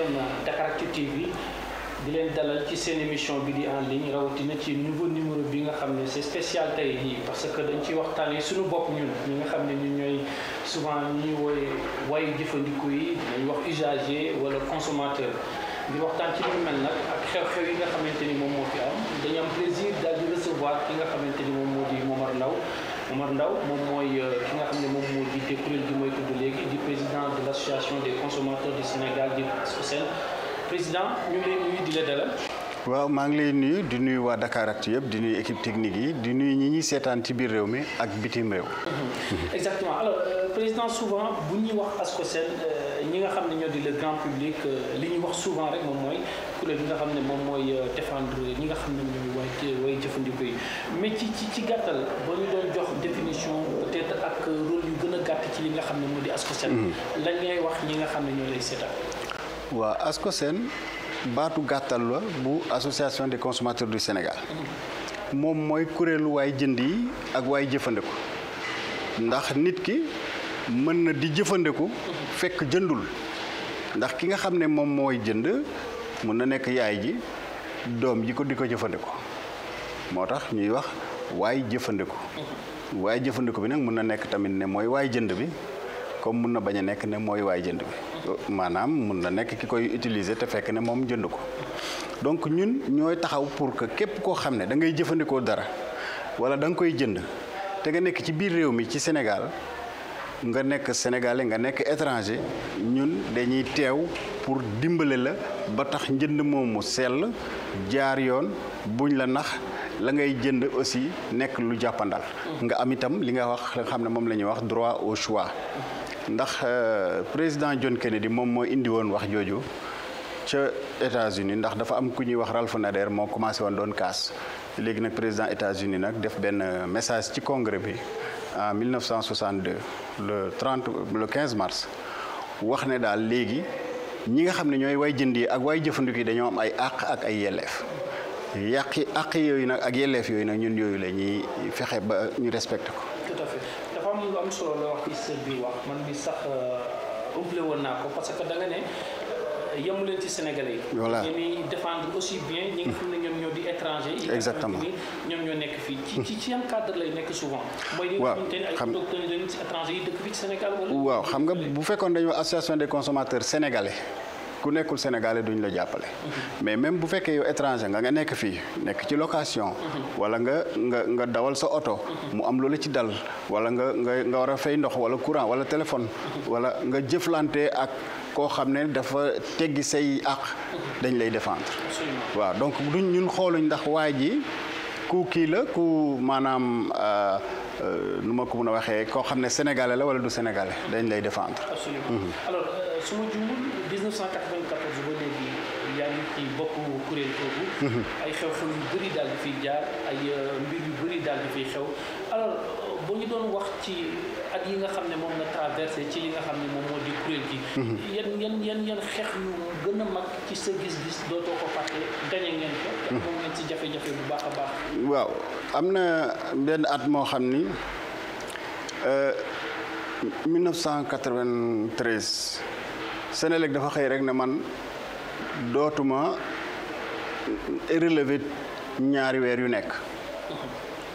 chaîne Dakaractu TV di leen dalal ci seen émission bi di en ligne rawatina ci nouveau numéro bi nga xam ne c'est spécial tey jii parce que dañ ci waxtaanee suñu bopp ñun ñi nga xam ne ñun ñooy souvent ñi woy wayu jëfandiku yi dinañ wax usager wala consommateur di waxtaan ci lu mel nag ak xew-xew yi nga xamante ni moom moo fi am dañu am plaisir daal di recevoir ki nga xamante ni moom moo di Momar ndaw Momar ndaw moom mooy euh, ki nga xam ne moom moo jiite kuréel gi mooy tudd léegi président de l'Association des consommateurs du Sénégal du SOSEN président ñu ngi de nuyu la dalal. waaw maa ngi lay nuyu di nuyu waa ak yëpp di nuyu équipe technique yi di nuyu ñi ñuy seetaan ci biir réew mi ak bitim réew. Mhm. exactement alors euh, président souvent bu ñuy wax ASCOSEN euh, ñi nga xam ne ñoo di le grand public euh, li ñuy wax souvent rek moom mooy kuréel bi nga xam ne moom mooy défendre ñi nga xam ne ñooy way way jëfandikoo yi mais ci ci ci gàttal ba ñu doon jox définition. ci li nga xam ne mu di Ascosen mm. lañ ngay wax ñi nga xam ñoo lay seetaan waa Ascosen batu gatal la bu association des consommateurs du Sénégal mm. moom mooy kuréelu waay jënd yi ak waay jëfandiku ndax nit ki mën na di jëfandiku fekk jëndul ndax ki nga xam ne moom mooy jënd mën na nekk yaay ji doom ji ko di ko jëfandiku moo tax ñuy wax waay jëfandiku mm-hmm way jëfëndiko bi nag mun na nekk tamit ne mooy waay jënd bi comme mun na bañ a nekk ne mooy waay jënd bi maanaam mun na nekk ki koy utiliser te fekk ne moom jënd ko donc ñun ñooy taxaw pour que képp koo xam ne da ngay jëfandikoo dara wala da nga koy jënd te nga nekk ci biir réew mi ci Sénégal nga nekk sénégalais nga nekk étranger ñun dañuy teew pour dimbale la ba tax njënd moomu sell jaar yoon buñ la nax la ngay jënd aussi nekk lu jàppandal nga am itam li nga wax la nga xam ne moom wax droit au choix ndax euh, président John Kennedy moom moo indi woon wax jooju ca États-Unis ndax dafa am ku wax Ralph Nader moo commencé woon doon kaas léegi nag président États-Unis nag def ben message ci congrès bi en 1962 le 30 le 15 mars wax ne dal léegi ñi nga xam ne ñooy way jënd yi ak way jëfandiku yi am ay àq ak ay yelleef yàqi àq yooyu nag ak yelleef yooyu nag ñun yooyu la ñuy fexe ba ñu respecté ko. tout à fait dafa am solo la wax ci sëñ bi wax man bi sax oublié euh, woon naa ko parce que da ne. Euh, yemu leen ci Sénégalais yi. défendre aussi bien. ñi nga ne ñoom ñoo di étranger. exactement ñoom ñoo nekk fii. ci ci ci cadre lay nekk souvent. waaw xam mooy nga bu fekkoon dañoo association des consommateurs sénégalais. ku nekkul sénégalais duñ la jàppale mais même bu vous yow étranger nga nga ci location wala nga nga nga dawal sa oto mu am ci dal wala nga nga nga fay wala courant wala téléphone wala nga jëflante ak koo xam dafa teggi say dañ lay défendre donc duñ ñun xooluñ ndax waa ji ku kii la ku ko sénégalais su ma juumul 1994 ba léegi yaa ngi ci bopp kuréel boobu. Mhm. ay xew-xew yu bëri daal di fiy jaar ay euh, mbir yu bëri daal di fi xew alors euh, boo ñu doon wax ci at yi nga xam ne moom nga traversé ci yi nga xam ne moom moo di kuréel gi. Mhm. yan yan yan yan xeex yu gën a mag ci sa gis-gis dootoo ko fàtte ngeen ko. moom ngeen ci jafe-jafe bu baax a baax. waaw am na benn at moo xam ni. 1993 euh, Sénélec dafa xey rek ne man dootuma relevé ñaari weer yu nekk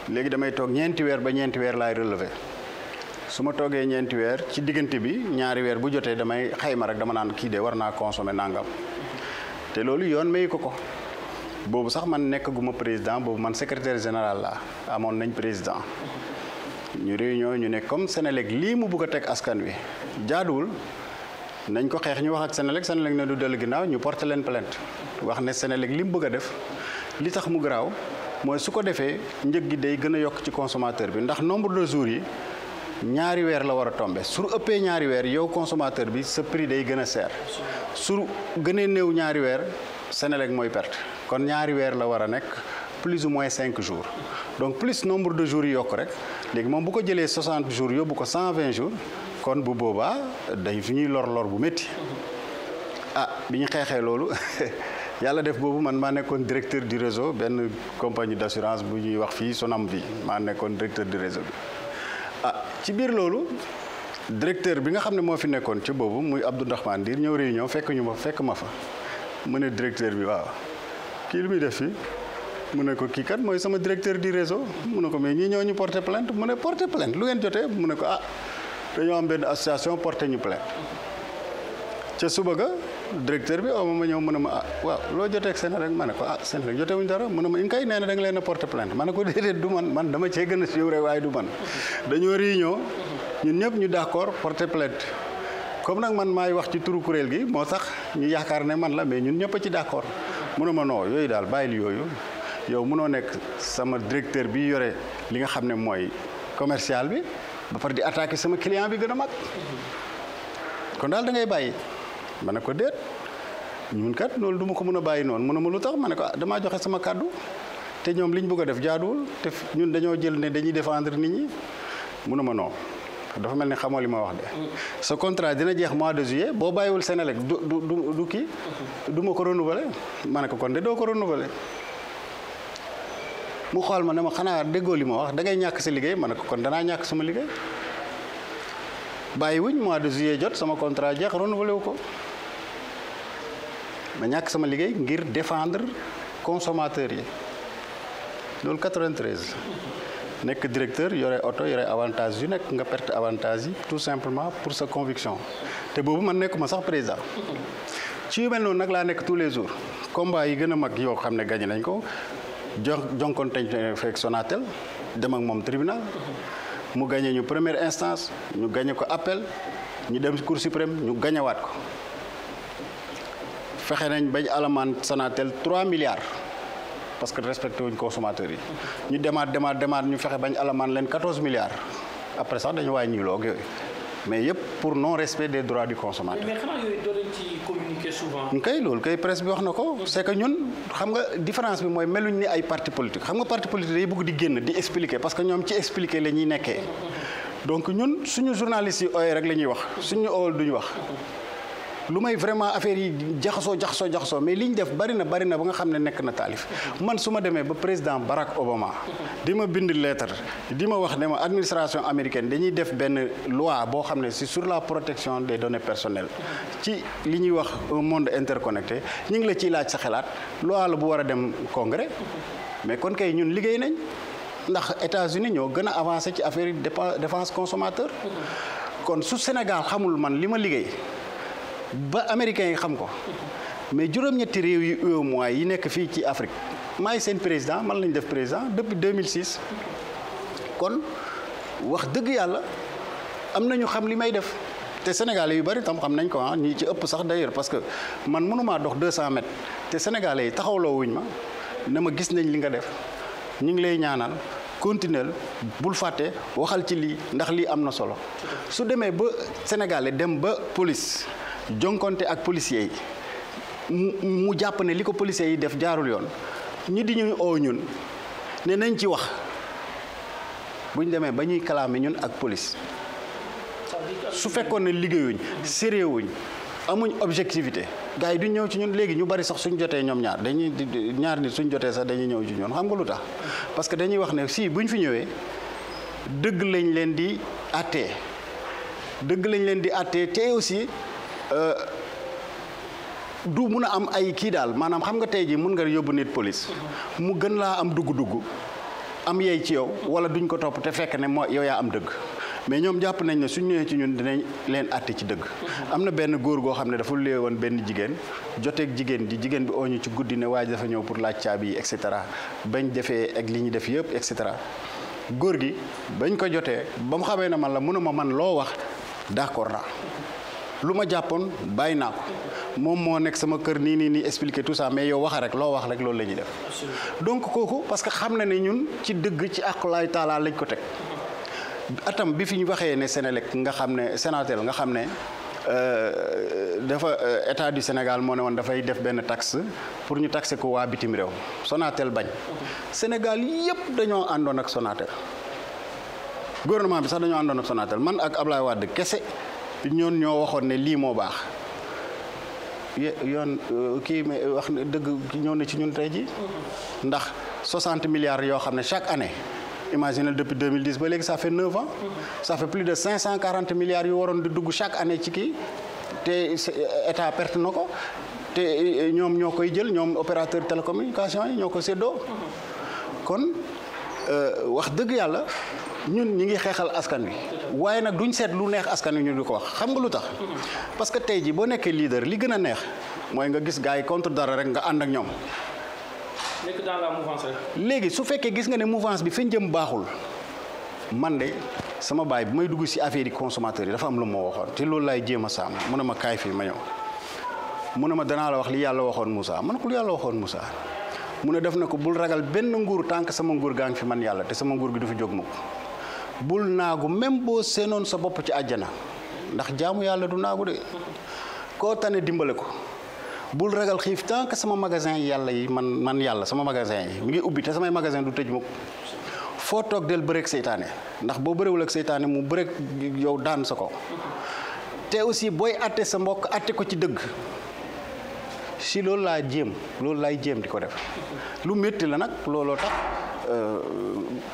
léegi damay toog ñeenti weer ba ñeenti weer laay relevé su ma toogee ñeenti weer ci diggante bi ñaari weer bu jotee damay xayma rek dama naan kii de war naa consommer nangam te loolu yoon mayu ko ko boobu sax man nekkaguma président boobu man secrétaire général la amoon nañ président ñu réunion ñu ne comme Sénélec lii mu bugg a teg askan wi jaaduwul nañ ko xeex ñu wax ak Senelec Senelec ne du dellu ginnaaw ñu porte leen plainte wax ne Senelec li mu bëgg a def li tax mu garaaw mooy su ko defee njëg gi day gën a yokk ci consommateur bi ndax nombre de jours yi ñaari weer la war a tombe su ëppee ñaari weer yow consommateur bi sa prix day gën a seer su gënee néew ñaari weer Senelec mooy perte kon ñaari weer la war a nekk plus ou moins 5 jours donc plus nombre de jours yi yokk rek léegi moom bu ko jëlee 60 jours yóbbu ko 120 jours kon bu boobaa day fi ñuy lor lor bu métti ah bi ñu xeexee loolu def boobu man mana kon directeur du réseau benn compagnie d' assurance bu ñuy wax kon Sonam di maa nekkoon directeur du réseau ah ci biir loolu directeur bi nga xam ne fi nekkoon ci boobu muy Abdou Ndaxmaan Ndiir ñëw réunion fekk ñu fekk ma fa mu ne directeur bi waaw kii lu muy def fii mu ne ko kii kat mooy sama directeur du réseau mu ko mais ñii ñoo ñu porté plainte mu ne plainte lu ngeen Mana mu ko ah dañoo am benn association porté ñu plainte ca suba ga directeur bi oo oh, ma ñëw mu ne ma ah waaw loo joteeg seen rek ma ne ko ah seen rek jotewuñ dara mu ne ma inkay kay nee na da nga leen a porté plainte ma ne ko déedéet du man man dama cee gën a siiw rek waaye du man dañoo réunion ñun ñëpp ñu d' accord porté plainte comme nag man maay wax ci turu kuréel gi moo tax ñu yaakaar ne man la mais ñun ñëpp ci d' accord mu ne ma non yooyu daal bàyyil yooyu yow mënoo nekk sama directeur bi yore li nga xam ne mooy commercial bi ba far di attaquer sama client bi gëna mag kon dal da ngay bayyi ma ne ko déet ñun kat mana duma ko mëna bayyi non mëna ma lutax ah, joxe sama kado. té ñom liñ bëgg def jaadul té ñun dañoo jël né dañuy défendre nit ñi mëna ma non dafa melni xamoo li ma wax de. Mm. sa contrat dina jeex mois de juillet bo bayiwul sénégal du du du ki mm-hmm. duma ko renouveler ma kon de do ko renouveler. mu xool ma ne ma xanaa déggoo li ma wax da ngay ñàkk sa liggéey ma ne ko kon danaa ñàkk sama liggéey bàyyi wuñ mois de juillet jot sama contrat jeex renouvelé wu ko ñàkk sama liggéey ngir défendre consommateur yi loolu 93 nekk directeur yore oto yore avantage yu nekk nga perte avantage yi tout simplement pour sa conviction te boobu man nekkuma sax président ci yu mel noonu nag laa nekk tous les jours combat yi gën a mag yoo xam ne gañe nañ ko jo jonkonteñ fekk Sonatel dem ak moom tribunal mu gañe ñu première instance ñu gañe ko appel ñu dem cour suprême ñu gañewaat ko fexe nañ bañ alamaan Sonatel 3 milliards parce que respecté wuñ consommateurs yi ñu demaat demaat demaat ñu fexe bañ alamaan leen 14 milliards après sax dañu wàññi loo ak yooyu mais yep pour non respect des droits du consommateur. mais comment yooyu doo leen ci communiquer souvent. kay que kay presse bi wax que nous, xam différence bi que meluñ ni ay parti politique xam nga parti politique day bëgg di génn di expliquer parce que nous ci expliquer qu'ils ñuy donc nous, suñu journalistes, yi ooyee rek la wax suñu ool duñu lumay vraiment affaire yi jaxasoo jaxasoo jaxasoo mais liñ def bari na bari na ba nga xam nek na talif. man suma démé ba président Barack Obama dima bind lettre dima wax né ma administration américaine dañuy def ben loi bo xam c'est sur la protection des données personnelles ci liñuy wax un monde interconnecté ñing la ci laaj sa xalaat loi la bu wara dem congrès mais kon kay ñun liggéey nañ ndax États-Unis ñoo gëna avancer ci affaire défense consommateur kon su Sénégal xamul man lima ma liggéey ba américains yi xam ko mais juróom-ñetti réew yu UEMOA yi nekk fii ci Afrique maay seen président man lañu def président depuis 2006 kon wax dëgg yàlla am nañu xam li may def te sénégalais yu bari tam xam nañ ko ah ñi ci ëpp sax d'ailleurs parce que man mënumaa dox 200 mètres te sénégalais yi taxawloo wuñ ma na ma gis nañ li nga def ñu ngi lay ñaanal continuel bul fàtte waxal ci lii ndax lii am na solo su demee ba sénégalais dem ba police jonkonte ak policiers yi mu jàpp ne li ko policiers yi def jaarul yoon ñi di ñuy oo ñun ne nañ ci wax bu ñu demee ba ñuy kalaame ñun ak police su fekkoon ne liggéeyuñ séréewuñ amuñ objectivité gars yi duñ ñëw ci ñun léegi ñu bari sax suñ jotee ñoom ñaar dañuy ñaar nit suñ jotee sax dañuy ñëw ci ñun xam nga lu tax parce que dañuy wax ne sii bu ñu fi ñëwee dëgg lañ leen di àttee dëgg lañ leen di àttee te aussi Euh, du mun a am ay kii daal maanaam xam nga tey jii mun nga yóbbu nit police mu gën laa am dugg-dugg am yey ci yow wala duñ ko topp te fekk ne moo yow yaa am dëgg mais ñoom jàpp nañ ne suñ ñëwee ci ñun dinañ leen àtte ci dëgg am na benn góor goo xam ne dafa lée woon benn jigéen joteeg jigéen ji jigéen bi ooñu ci guddi ne waa ji dafa ñëw pour laaj caabi yi et cetera bañ defee ak li ñu def yëpp et cetera góor gi bañ ko jotee ba mu xamee na man la mun mënuma man loo wax d'accord naa luma ma bayna bàyyi naa ko moom moo nekk sama keur ni ni ni expliquer tout ça mais yow wax rek lo wax rek lolou lañuy def donc koku parce que xamna ñun ci deug ci taala lañ ko tek atam bi fiñ waxé né ne Sénélec nga xamné sénateur nga xamné euh dafa euh, état du Sénégal né won da fay def ben taxe pour ñu taxer ko wa bitim rew Sonatel bañ Sénégal yépp dañoo andon ak Sonatel gouvernement bi sax dañoo andon ak Sonatel man ak Ablaye wad kese ñoon ñoo waxoon ne lii moo baax yoon euh, kii wax dëgg ñëw na ci ñun tey ji ndax 60 milliards yoo xam ne chaque année imagine depuis 2010 ba léegi ça fait 9 ans ça fait plus de 540 milliards yu waroon di dugg chaque année ci kii te euh, état perte na ko te euh, ñoom ñoo koy jël ñoom opérateur télécommunication yi ñoo ko séddoo kon wax dëgg yàlla ñun ñi ngi xeexal askan wi waye nak duñ sét lu neex askan ñu diko wax xam nga lu tax parce que tay ji bo nekk leader li gëna a neex moy nga gis gaay contre dara rek nga and ak ñom nekk dans la mouvance légui su fekke gis nga ne mouvance bi fiñ jëm baxul man de sama baay bi may dugg ci affaire yi consommateur dafa am lu mo waxon té lool lay jema a sàmm mu ma kay fi ma ñëw mu ma dana la wax li yalla waxon Moussa man ko yalla waxon Moussa. mu ne def na ko bul ragal ben nguur tank sama nguur gaa fi man yalla te sama nguur gi du fi jog mako bul naagu même boo seenoon sa bopp ci àjjana ndax jaamu yàlla du naagu de koo tane dimbale ko bul ragal xiif tant que sama magasin yàlla yi man man yàlla sama magasin yi mu ngi ubbi te samay magasin du tëj ma foo toog del bëreeg seytaane ndax boo bëreewul seytaane mu bëreeg yow daan sa ko te aussi booy atte sa mbokk atte ko ci dëgg si loolu laa jéem loolu laay jéem di ko def lu métti la nag looloo tax euh,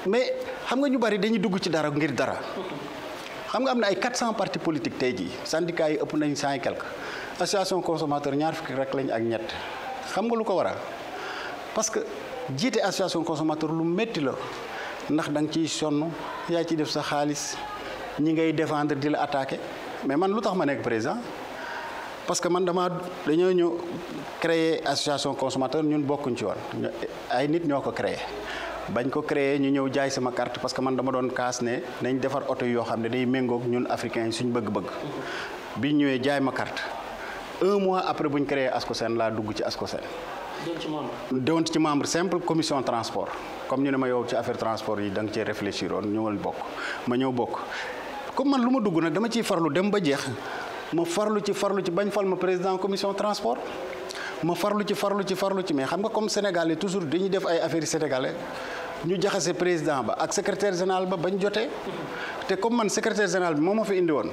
mais xam nga ñu bari dañuy dugg ci dara ngir dara xam nga am na ay 400 parti politique tey ji syndicat yi ëpp nañ 100 quelque association consommateur ñaar fukki rek lañ ak ñett xam nga lu ko waral parce que jité association consommateur lu metti la ndax dang ci sonu ya ci def sa xaliss ñi ngay défendre di la attaquer mais man lutax ma nek président parce que man dama dañu ñu créer association consommateur ñun bokkuñ ci woon ay nit ñoko créer bañ ko créer ñu ñëw jaay sama carte parce que man dama doon kaas ne nañ defar oto yoo xam ne day méngoog ñun africains yi suñu bëgg-bëgg biñ ñëwee jaay ma carte un mois après bu ñu créé Ascosen laa dugg ci Ascosen doon ci membre simple commission transport comme ñu ne ma yow ci affaire transport yi danga nga cee réfléchir oon ñëwal bokk ma ñëw bokk comme man lu ma dugg nag dama ciy farlu dem ba jeex ma farlu ci farlu ci bañ fal ma président commission transport ma farlu ci farlu ci farlu ci mais xam nga comme sénégalais toujours dañuy def ay affaires sénégalais ñu jaxase président ba ak secrétaire général ba bañ jotee te comme man secrétaire général bi moo ma fi indi woon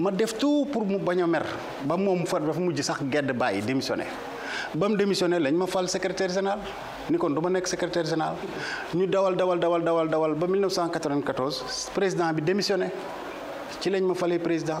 ma def tout pour mu bañ a mer ba moom far dafa mujj sax gedd bàyyi démissionné ba mu démissionné lañ ma fal secrétaire général ni kon du ma nekk secrétaire général ñu dawal dawal dawal dawal dawal ba 1994 président bi démissionné ci lañ ma falee président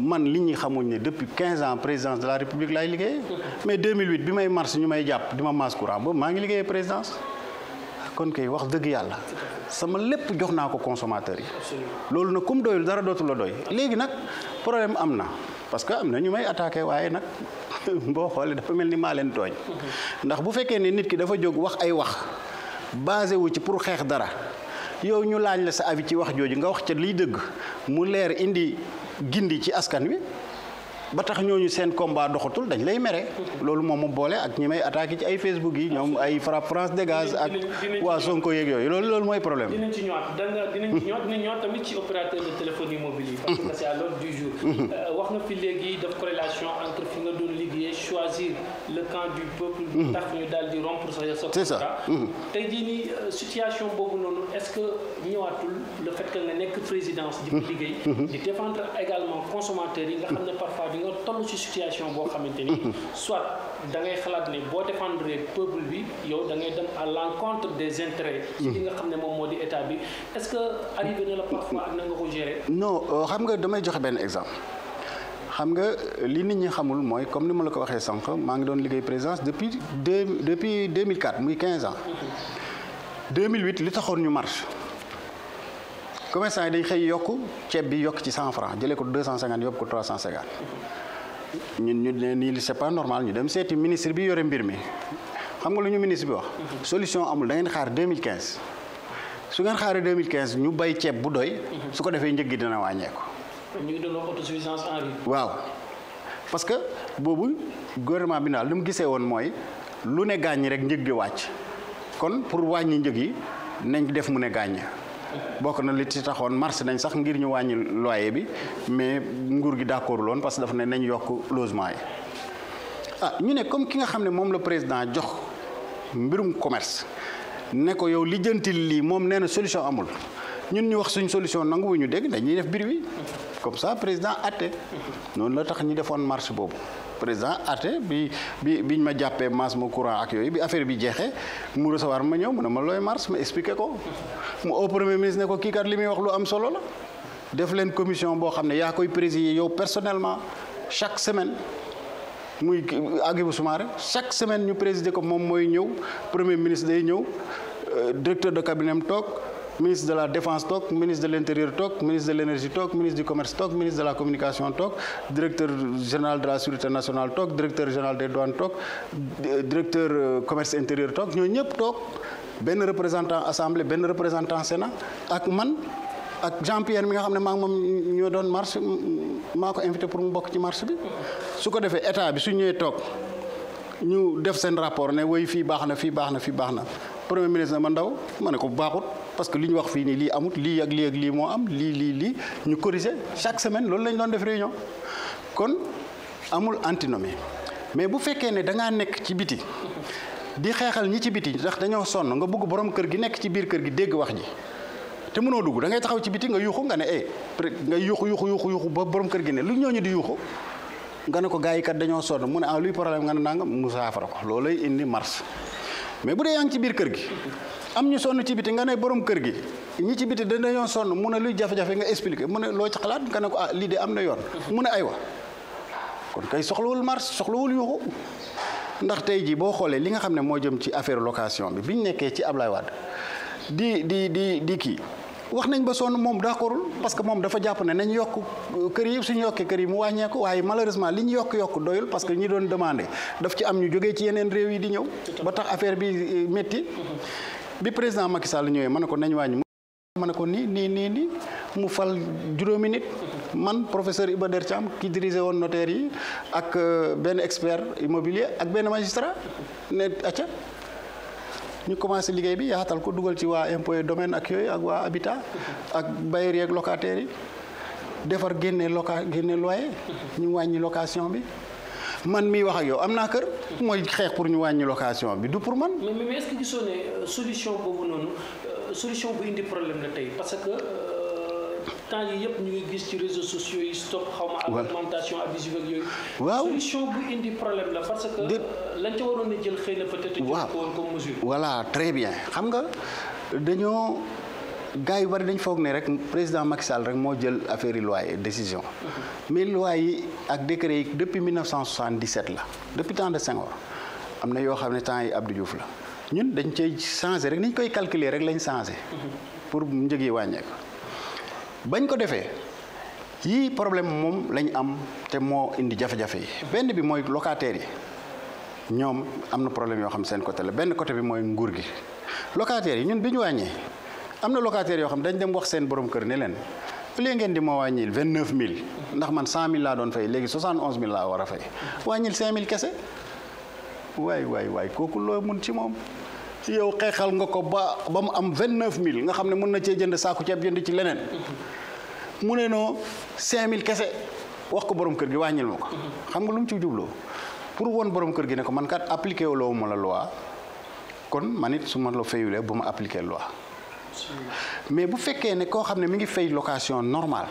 man li ñuy xamuñ ne depuis 15 ans présidence de la république lay liggéeyee mais 2008 bi may mars ñu may japp dima ma courant ba ma ngi liggéeyee présidence kon kay wax deug yalla sama lepp jox naa ko consommateur yi. loolu na kum doyul dara dootu la doy léegi nag problème amna parce que amna ñu may attaquer waye nak bo xolé dafa melni ni maa leen ndax bu fekké ne nit ki dafa jog wax ay wax basé wu ci pour xeex dara. yow ñu laaj la sa avis ci wax jooju nga wax ci li deug mu leer indi gindi ci askan wi ba tax ñooñu seen combat doxatul dañ lay mere. loolu moom mu boole ak ñi may attaqué ci ay Facebook yi ñoom ay frappe France dégage ak. waa Sonko yeeg yooyu loolu loolu mooy problème. dinañ ci ñëwaat danga dinañ ci ñëwaat dinañ ñëwaat tamit ci opérateur de téléphonie mobile yi. parce que c'est à l'ordre du jour. Euh, wax nga fi léegi def corrélation entre. choisir le camp du peuple. ndax mmh. ñu daal di rompre sa sa. c'est ça mmh. euh, situation boobu noonu est-ce que ñëwaatul le fait que nga nekk présidence. di ko mmh. liggéey. di défendre également consommateurs yi nga xam parfois di nga ci situation boo xamante soit da ngay xalaat défendre le défendre peuple bi yow da ngay dem à l'encontre des intérêts. ci li nga xam ne moom moo état bi est-ce que arrivé na la parfois ak na nga ko gérer. non euh, xam nga damay joxe benn exemple xam nga li nit ñi xamul mooy comme ni ma la ko waxee sànq ngi doon liggéey présidence depuis depuis 2004 muy 15 ans 2008 li taxoon ñu marche commerçant yi dañ xëy yokk ceeb bi yokk ci 100 francs jëlee ko 250 yóbbu ko 350 ñun ñu ne nii c'est pas normal ñu dem seeti ministre bi yore mbir mi xam nga lu ñu ministre bi wax. solution amul da ngeen xaar 2015 su ngeen xaaree 2015 ñu bay ceeb bu doy. su ko defee njëg gi dina wàññeeku. ñu ngi en waaw parce que boobu gouvernement bi naa li mu gisee woon mooy lu ne gaañ rek njëg di wàcc kon pour wàññi njëg yi nañ def mu ne gaañ. bokk na li ci taxoon marché nañ sax ngir ñu wàññi loyer bi mais nguur gi d'accord loon parce que dafa ne nañ yokk logement yi ah, ñu ne comme ki nga xam ne moom la président jox mbirum commerce ne ko yow lijjanti lii moom nee na solution amul. Nous ñu wax solution nous wuñu comme ça président a été. la tax marche président a bi biñ ma mu courant ak affaire bi ma ne ma looy marche ma expliqué ko mu au premier ministre ko wax lu la commission a personnellement chaque semaine muy chaque semaine ñu présider ko premier ministre day euh, directeur de cabinet ministre de la Défense ministre de l'Intérieur ministre de l'Énergie ministre du Commerce ministre de la Communication directeur général de la Sécurité nationale directeur général des douanes TOC, directeur euh, commerce intérieur TOC, ñoo sommes tous bien représentant assemblée représentants représentant sénat ak moi, Jean Pierre mi nga m'a invité pour une bokk de marche Ce qu'on ko defee nous bi su ñëwee rapport nous woy fait un rapport, premier ministre man daw mané ko baaxut parce que liñ wax fi ni li amut li ak li ak li mo am li li li ñu corriger chaque semaine loolu lañ doon def réunion kon amul antinomie mais bu fekké ne da nga nek ci biti di xéxal ñi ci biti ndax dañoo son nga bëgg borom kër gi nek ci biir kër gi dégg wax ji té mëno dugg da ngay taxaw ci biti nga yuxu nga né eh nga yuxu yuxu yuxu yuxu ba borom kër gi né lu ñooñu di yuxu nga ne ko gaay yi kat dañoo son mu ne ah luy problème nga ne nangam mu ko lolay indi mars mais bu dee yaa ngi ci biir kër gi am ñu sonn ci biti nga ne borom kër gi ñi ci biti dañoo sonn mu ne luy jafe-jafe nga expliqué mu ne loo ci xalaat nga ne ko ah lii de am na yoon mu ne aywa kon kay soxlawul marché soxlawul yuuxu ndax tey jii boo xoolee li nga xam ne moo jëm ci affaire location bi bi ñu nekkee ci Ablaye Wade di di di di kii wax nañ ba sonn moom d'accordul parce que moom dafa jàpp na nañ yokk euh, kër yi suñu yokkee kër yi mu wàññeeku waaye malheureusement li ñu yokk yokk doyul parce que ñi doon demandé daf ci am ñu jógee ci yeneen réew yi di ñëw ba tax affaire bi euh, métti bi président Macky Sall ñëwee ma ne ko nañ wàññi ma ne ko nii nii nii nii mu fal juróomi nit man professeur Iba Der Thiam ki dirigé woon notaire yi ak euh, benn expert immobilier ak benn magistrat ne acca ñu commencé liggéey bi yaatal ko dugal ci waa impôt domaine ak yooyu ak waa habitat ak bailleurs yeeg locataires yi defar génne loka génne loyer ñu wàññi location bi man mii wax ak yow am naa kër. mooy xeex pour ñu wàññi location bi du pour man. mais mais est gisoo ne euh, solution boobu noonu euh, solution bu indi problème la tey parce que. Euh, temps yi yëpp ñu gis ci réseaux sociaux yi stop xaw ma alimentation abusive ak yooyu waaw solution bu indi problème la parce que euh, lañ ci waroon a jël xëy na peut-être waaw ko woon comme mesure voilà très bien xam nga dañoo gars yu bari dañ foog ne rek président Macky Sall rek moo jël affaire yi loi décision mhm. mais loi yi ak décret yi depuis 1977 la depuis temps de Senghor am na yoo xam ne temps yi Abdou Diouf la ñun dañ cay changé rek niñ koy calculer rek lañ changé mhm. pour njëg yi wàññeeku bañ ko defee yii problème moom lañ am te moo indi jafe-jafe yi benn bi mooy locataires yi ñoom am na problème yoo xam seen côté la benn côté bi mooy nguur gi locataires yi ñun bi ñu am na locataires yoo xam dañ dem wax seen borom kër ne leen plie ngeen di ma wàññil vingt neuf mille ndax man cent mille laa doon fay léegi soixante onze mille laa war a fay wàññil cinq mille kese waay waay waay kooku loo mun ci moom yow xeexal nga ko ba ba mu am vingt neuf mille nga xam ne mën na cee jënd saaku ceeb jënd ci leneen mu ne noo cinq mille kese wax ko borom kër gi wàññil ma ko xam nga lu mu ci jubloo pour woon borom kër gi ne ko man kat appliqué wu loo ma la loi kon man it su ma la fayulee bu ma appliqué loi mais bu fekkee ne koo xam ne mi ngi fay location normal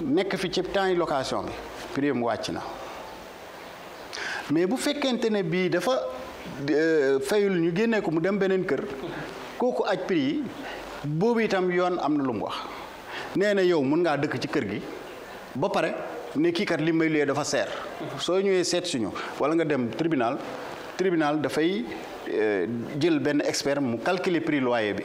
nekk fi ci temps yi location bi prix mu wàcc na mais bu fekkente ne bii dafa Euh, fayul ñu ku ko mu dem beneen kër kooku aj prix boobu itam yoon am lu mu wax nee yow mun ngaa dëkk ci kër gi ba pare ne kii kat li may luyee dafa seer soo ñëwee seet suñu wala nga dem tribunal tribunal dafay euh, jël benn expert mu calculer prix loyer bi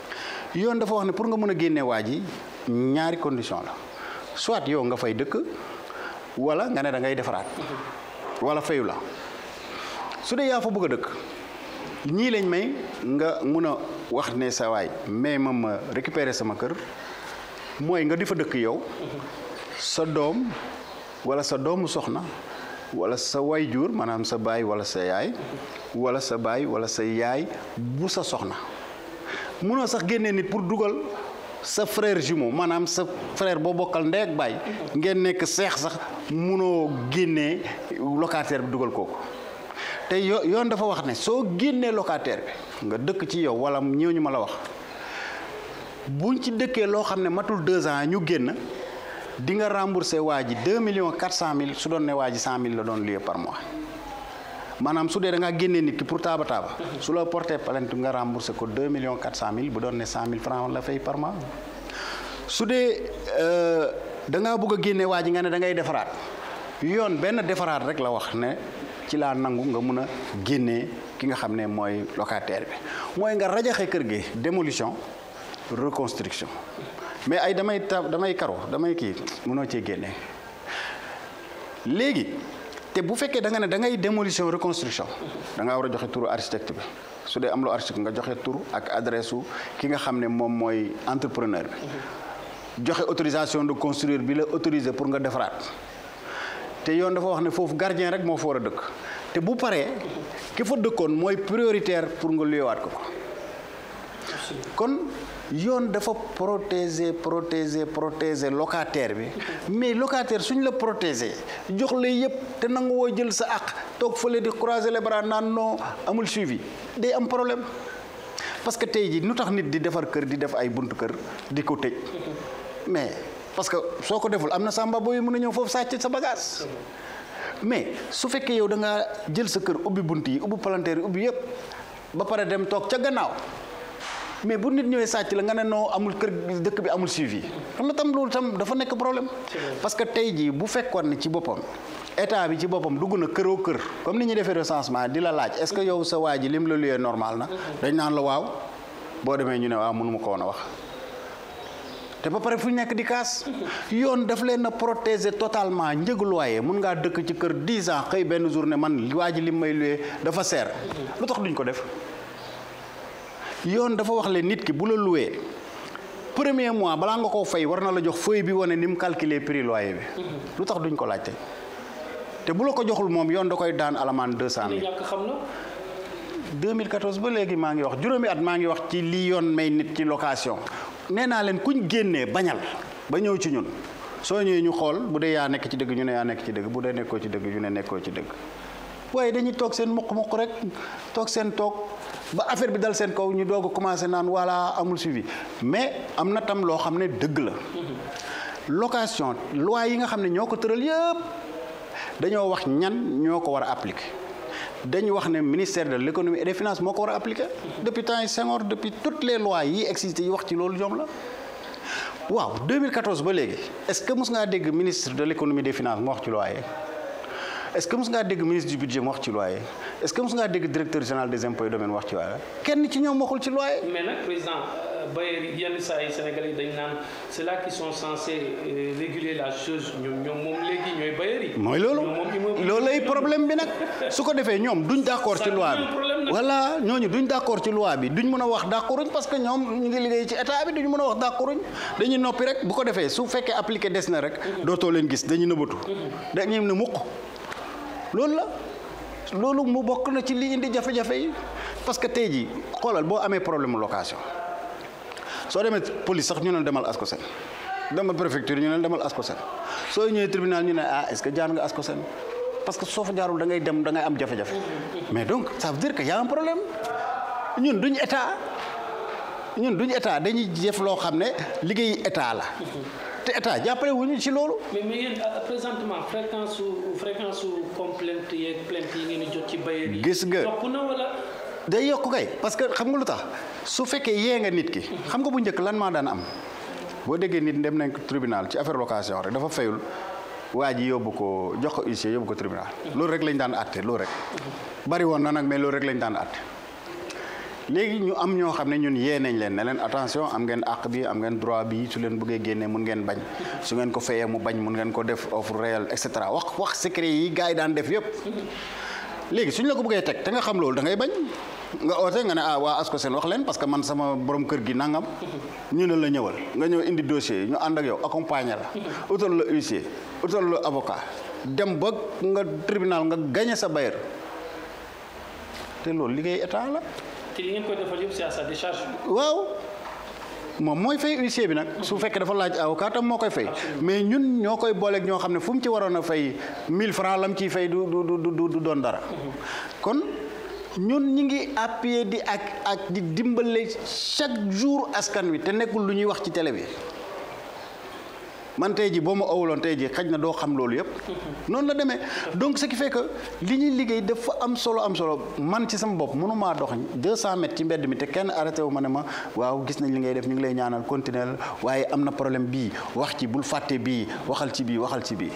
yoon dafa wax ne pour nga mën a génne waa ji ñaari condition la soit yow nga fay dëkk wala nga ne da ngay defaraat wala fayu la su dee yaa fa bëgg a dëkk ñii lañ may nga mun a wax ne sa waay mais ma ma récupérer sama kër mooy nga di dëkk yow sa doom wala sa doomu soxna wala sa wayjur maanaam sa baay wala sa yaay wala sa baay wala sa yaay bu sa soxna mënoo sax génnee nit pour dugal sa frère jumeau maanaam sa frère boo bokkal ndey ak baay ngeen nekk seex sax mënoo génnee locataire bi dugal kooku te yo yoon dafa wax ne soo génnee locataire bi nga dëkk ci yow wala ñëw ñu ma la wax buñ ci dëkkee loo xam ne matul deux ans ñu génn di nga remboursé waa ji deux millions quatre cent mille su doon ne waa ji cent mille la doon luye par mois. manam su de da nga génne nit ki pour taba taba su la porté plainte nga rembourser ko 2 millions 400 mille bu doon 100 francs la fay par mois su euh da nga bëgg a waji nga ne da ngay défarat yoon ben défarat rek la wax ne ci la nangu nga mëna a ki nga xamné moy locataire bi moy nga rajaxé kër gi démolition reconstruction mais ay damay damay karo damay ki mëno ci génne légui te bu fekkee da nga ne da ngay démolition reconstruction da ngaa war a joxe turu architecte bi su dee am lu architecte nga joxe tur ak adresse su ki nga xam ne moom entrepreneur bi joxe autorisation de construire bi la autoriser pour nga defaraat te yoon dafa wax ne foofu gardien rek moo fa war a dëkk te bu paree ki fa dëkkoon mooy prioritaire pour nga luyewaat ko ko kon yoon dafa protéger protéger protéger locataire bi mais locataire suñ la protéger jox la yëpp te nangu woo jël sa àq toog fële di croiser le bras naan non amul suivi day am problème parce que tey ji nu tax nit di defar kër di def ay buntu kër di ko tëj mais parce que soo ko deful am na samba boobu mën na ñëw foofu sàcc sa bagage mais su fekkee yow da nga jël sa kër ubbi bunt yi ubbi palanteer yi ubbi yëpp ba pare dem toog ca gannaaw. mais bu nit ñëwee sàcc la nga ne noo amul kër dëkk bi amul suivi loolu tam loolu tam dafa nekk problème parce que tey jii bu fekkoon ne ci boppam état bi ci boppam dugg na këroo kër comme ni ñuy defee recensement di la laaj est que yow sa waa ji lim la luyee normal na dañ naan la waaw boo demee ñu ne waaw mënuma ko woon a wax te ba pare fu nekk di kaas yoon daf leen a protéger totalement njëgu loyer mun ngaa dëkk ci kër 10 ans xëy benn journée man waa ji lim may luyee dafa seer lu tax duñ ko def yoon dafa wax leen nit ki bu la loué premier mois balaa nga koo fay war na la jox feuille bi wane ni mu calculer prix loyer bi. Mhm. lu tax duñ ko laajte te bu la ko joxul moom yoon da koy daan alamaan deux cent mille. 2014 ba léegi maa ngi wax juróomi at maa ngi wax ci lii yoon may nit ci location nee naa leen kuñ génnee bañal ba ñëw ci ñun soo ñëwee ñu xool bu dee yaa nekk ci dëgg ñu ne yaa nekk ci dëgg bu dee nekkoo ci dëgg ñu ne nekkoo ci dëgg waaye dañuy toog seen muq-muq rek toog seen toog ba affaire bi dal sen kaw ñu dogu commencer commencé wala amul suivi mais amna tam lo xamné deug la location loi yi nga xamné ñoko ñoo yépp tëral wax ñan ñoko wara appliquer dañu wax né ministère de l'économie et des finances moko wara appliquer depuis temps yi Senghor depuis toutes les lois yi existé yi wax ci lolu ñoom la waaw 2014 ba légui est-ce que mos nga dégg ministre de l'économie des finances moo wax ci loi yi est-ce que mos ngaa dégg ministre du budget mu wax ci loyer est-ce que mos ngaa dégg directeur général des impôts et domaines wax ci loyer kenn ci ñoom waxul ci loyer. mais nag président euh, Bayer yenn saa yi Sénégal yi dañ naan c'est là qu'ils sont censés euh, réguler la chose ñoom ñoom moom léegi ñooy Bayer yi. mooy loolu problème bi nag su ko defee ñoom duñ d'accord ci loi bi voilà ñooñu duñ d'accord ci loi bi duñ mëna wax d'accorduñ parce que ñom ñu ngi liggéey ci état bi duñ mëna wax d'accorduñ dañuy nopi rek bu ko défé su féké appliquer des na rek doto leen gis dañuy nëbbatu dañuy ne mukk loolu la loolu mu bokk na ci li indi jafe-jafe yi parce que tey jii xoolal boo amee problème location soo demee police sax ñu ne demal asko ASCOSEN demal préfecture ñu ne demal ASCOSEN soo ñëwee tribunal ñu ne ah est-ce que jaar nga ASCOSEN parce que soo fa jaarul dangay dem da ngay am jafe-jafe mais donc ça veut dire que y a problème ñun duñ état ñun duñ état dañuy jëf loo xam ne liggéey état la te état jàppale wu ñu ci loolu. mais euh, su fréquence yi ngeen ci bailleur gis nga yokku na day yokku kay parce que xam nga lu tax su fekkee yee nga nit ki. Mhm. xam nga bu njëkk lan maa daan am. boo déggee nit dem nañ ko tribunal ci affaire location rek dafa fayul waa ji yóbbu ko jox ko huissier yóbbu ko tribunal. Mhm. loolu rek lañ daan àtte loolu rek. Mhm. bari woon na nag mais loolu rek lañ daan at légui ñu am ño xamné ñun yee nañ leen ne leen attention am ngeen àq bi am ngeen droit bi su leen bëggee génné mën ngeen bañ su ngeen ko fayé mu bañ mën ngeen ko def offre réel et cetera wax wax secret yi gaay daan def yépp légui suñ la ko bëggee teg te nga xam loolu da ngay bañ nga oté nga né ah wa asko sen wax leen parce que man sama borom kër gi nangam ñu ne la ñëwal nga ñëw indi dossier ñu and ak yow accompagner la utal le huissier utal le avocat dem ba nga tribunal nga gagner sa bayer té loolu liggéey état la te li ngeen koy defal yëpp waaw moom mooy fay huissier bi nag. su fekkee dafa laaj avocat tam moo koy fay. mais ñun ñoo koy booleek ñoo xam ne fu mu ci waroon a fay mille francs lam ciy fay du du du du doon dara. Mm-hmm. kon ñun ñi ngi appuyer di ak ak di dimbale chaque jour askan wi te nekkul lu ñuy wax ci télé bi. man tey ji boo ma awuloon tey ji xaj na doo xam loolu yëpp noonu la demee donc ce qui fait li ñuy liggéey dafa am solo am solo man ci sama bopp mënumaa dox 200 mètres ci mbedd mi te kenn arrêté wu ma ne ma waaw gis nañ li ngay def ñu ngi lay ñaanal continuer waaye am na problème bii wax ci bul fàtte bii waxal ci bii waxal ci bii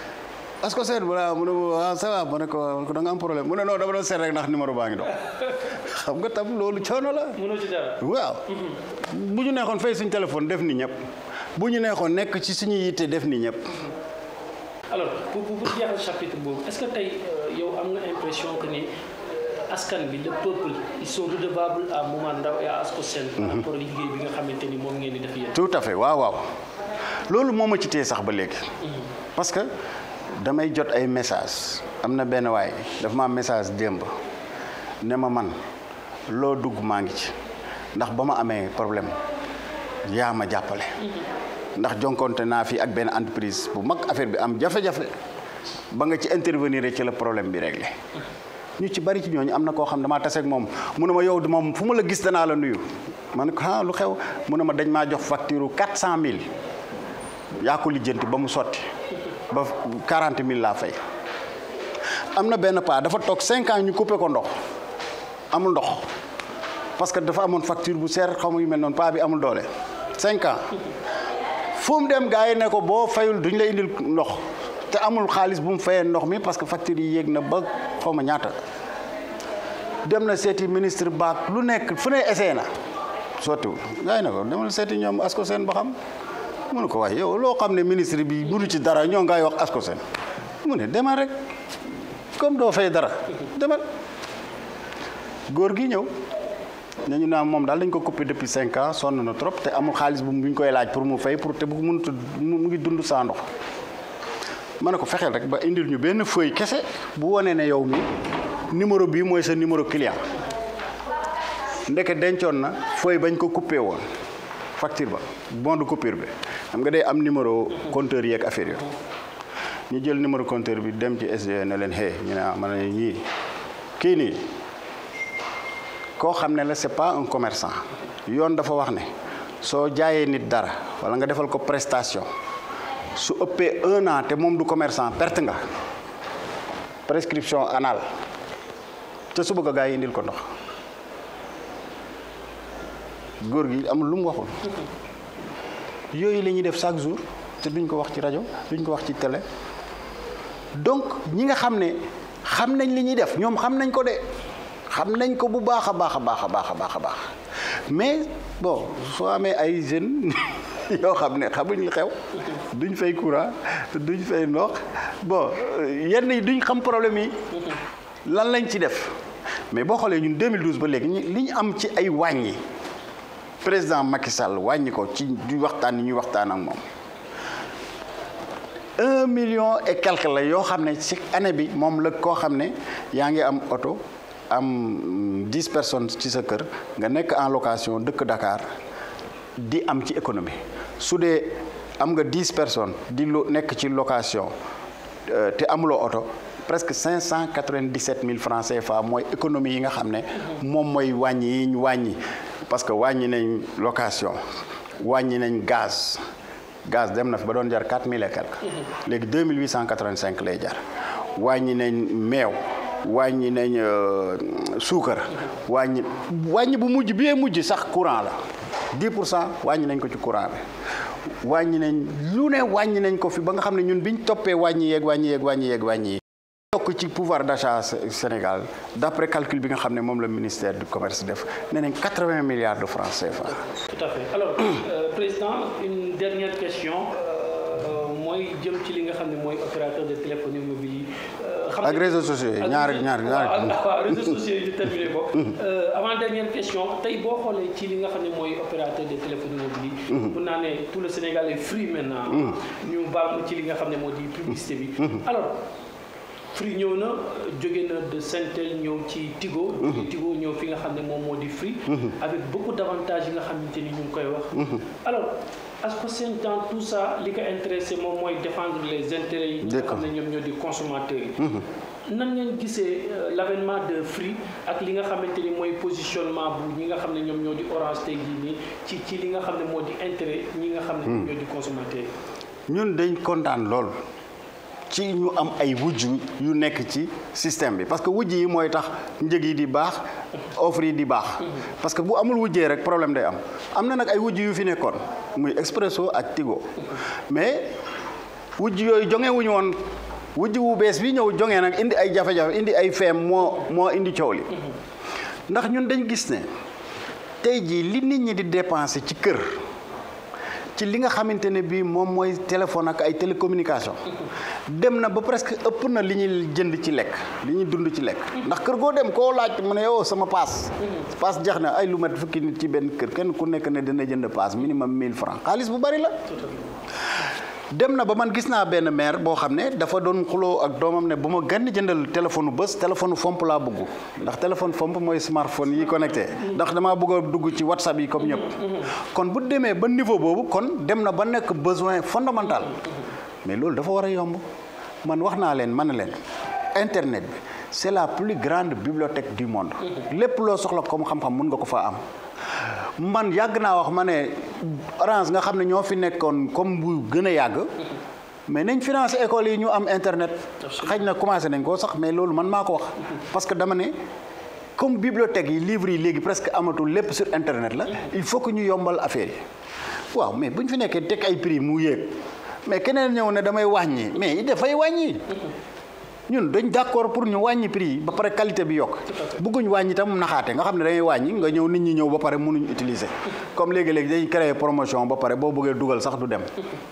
est-ce que seet voilà mu ne ah ça va ma ne ko ma ne ko da nga am problème mu ne non xam nga tam loolu coono la. mënoo ci dara waaw. Mm-hmm. bu ñu neexoon fay suñu téléphone def ni ñëpp bu ñu neexoon nekk ci suñu yitte def ni ñëpp. Mm-hmm. alors pour pour jeexal chapitre boobu euh, am nga impression ni. Euh, askan bi le peuple mm-hmm. moom ngeen di def tout à fait waaw waaw loolu moo ma ci téye sax ba léegi. parce damay jot ay message am na benn waay dafa ma message démb ne ma man loo dugg maa ngi ci ndax ba ma amee problème yaa ma jàppale ndax jonkonte naa fi ak benn entreprise bu mag affaire bi am jafe-jafe ba nga ci intervenir ci la problème bi réglé ñu ci bari ci ñooñu am na koo xam damaa taseeg moom mu ne ma yow moom fu ma la gis danaa la nuyu ma ne ko ah lu xew mu ne ma dañ maa jox facture 400000 yaa ko lijjanti ba mu sotti ba quarante mille laa fay am na benn paa dafa toog cinq ans ñu coupé ko ndox amul ndox parce que dafa amoon facture bu seer xaw yu mel noonu paa bi amul doole cinq an fu dem gars yi ne ko boo fayul duñ lay indil ndox te amul xaalis bu mu fayee ndox mi parce que facture yi yéeg na ba xaw ma ñaata dem na seeti ministre baak lu nekk fu ne essayé na sottiwul gars yi ne ko demal seeti ñoom asko seen ba xam mu ne ko wax yow loo xam ne ministre bi mënu ci dara ñoo ngay wax asko seen mu ne demal rek comme doo fay dara demal góor gi ñëw nañu naa moom daal dañ ko coupé depuis cinq ans sonn na trop te amul xaalis bu ñu koy laaj pour mu fay pour te bu mënut mu ngi dund saa ndox ma ne ko fexeel rek ba indil ñu benn feuille kese bu wonee ne yow mi numéro bii mooy sa numéro client ndeke dencoon na feuille bañ ko coupé woon facture ba bon de coupure bi xam nga day am numéro compteur yeeg affaire yo ñu jël numéro compteur bi dem ci sg e ne len hé ñu na ah, man lay kii ki ni ko xamne la c'est pas un commerçant yoon dafa wax ne so jaayé nit dara wala nga defal ko prestation su uppé 1 an té mom du commerçant perte nga prescription anal té su bëgg gaay indil ko ndox góor gi amul lu mu waxul yooyu la ñuy def chaque jour te duñ ko wax ci rajo duñ ko wax ci télé donc ñi nga xam ne xam nañ li ñuy def ñoom xam nañ ko de xam nañ ko bu baax a baax a baax a baax a baax a baax mais bon soo amee ay jeunes yoo xam ne xamuñ li xew duñ fay courant duñ fay ndox bon yenn yi duñ xam problème yi lan lañ ci def mais boo xoolee ñun 2012 ba léegi li ñu am ci ay wàññi. président Macky Sall wàññi ko ci waxtaan yi ñuy waxtaan ak moom un million et la yoo xam ne ci année bi moom la koo xam ne yaa ngi am oto am dix personnes ci sa kër nga nekk en location dëkk Dakar di am ci économie su dee am nga dix personnes di lu nekk ci location euh, te amuloo oto presque cinq cent quatre-vingt-dix-sept mille francs CFA mooy économie yi nga xam ne moom mooy wàññi yi wàññi parce que wàññi nañ location wàññi nañ gaz gaz dem na fi ba doon jar quatre mille et quelque mm-hmm. léegi 2885 lay jar wàññi nañ meew wàññi nañ euh, suukar mm-hmm. wàññi wàññi bu mujj bee mujj sax courant la 10 pour cent wàññi nañ ko ci courant bi wàññi nañ lu ne wàññi nañ ko fi ba nga xam ne ñun biñ toppee wàññi yeeg wàññi yeeg wàññi yeeg wàññi Le pouvoir d'achat Sénégal d'après calcul bi nga ministère du commerce def nee nañ quatre 80 milliards de francs CFA. tout à fait alors euh, président une dernière question euh, euh, Moi, je ci li nga xam opérateur de téléphonie mobile yi. xam réseaux sociaux yi ñaari ñaari réseaux sociaux yi terminé avant dernière question tey boo xoolee ci li nga opérateur de téléphone mobile yi. mun mm-hmm. tout le Sénégal est free maintenant. Mm-hmm. ñu baal ci li nga xam ne moo publicité bi mm-hmm. alors. Free ñëw na jóge na de Sentel ñëw ci Tigo. Mhm. Tigo ñëw fi nga xam ne moom moo mhm. avec beaucoup d'avantages yi nga xamante ni ñu ngi koy wax. Mhm. alors Ascosen dans tout ça li ko intéressé moom mooy défendre les intérêts yi. nga xam ne ñoom ñoo di consommateurs nan ngeen gisee euh, l'avènement de Free ak li nga xamante ni mooy positionnement bu ñi nga xam ne ñoo di Orange tey jii nii ci ci li nga xam ne intérêt ñi nga xam ne ñoom ñoo di consommateurs yi. ñun dañ kontaan lool. ci ñu am ay wujj yu nekk ci système bi parce que wujj yi mooy tax njëg yi di baax offre yi di baax parce que bu amul wujjee rek problème day am am na nag ay wujj yu fi nekkoon muy Expresso ak Tigo mais wujj yooyu jonge woon wujj wu bees bi ñëw jongee nag indi ay jafe-jafe indi ay feem moo moo indi coow li ndax ñun dañ gis ne tey jii li nit ñi di dépenser ci kër ci li nga xamante ne bii moom mooy téléphone ak ay télécommunication dem na ba presque ëpp na li ñuy jënd ci lekk li ñuy dund ci lekk ndax kër goo dem koo laaj mu ne yow sama paas paas jeex na ay lu mat fukki nit ci benn kër kenn ku nekk ne dina jënd paas minimum 1000 francs xaalis bu bari la dem na ba man gis naa benn maire boo dafa ak ne jëndal téléphone bés téléphone fomp un téléphone fomp mooy smartphone yi connecté ndax dama a dugg ci whatsapp yi comme ñëpp kon bu demee ba niveau kon ba besoin fondamental mais loolu dafa war a yomb man wax naa internet c'est la plus grande bibliothèque du monde soxla comme xam man yàgg naa wax ma ne orange nga xam ne ñoo fi nekkoon comme bu gën a yàgg mais nañ financé école yi ñu am internet xëy na commencé nañ ko sax mais loolu man maa ko wax parce que dama ne comme bibliothèque yi livres yi léegi presque amatul lépp sur internet la il faut que ñu yombal affaire yi waaw mais bu ñu fi nekkee teg ay prix mu yéeg mais keneen ñëw ne damay wàññi mais dafay wàññi ñun dañu d'accord pour ñu wàññi prix yi ba pare qualité bi yokk bëgguñ wàññi tam naxaate nga xam ne dangay wàññi nga ñëw nit ñi ñëw ba pare mënuñ utiliser comme léegi-léegi dañ créer promotion ba pare boo bëggee dugal sax du dem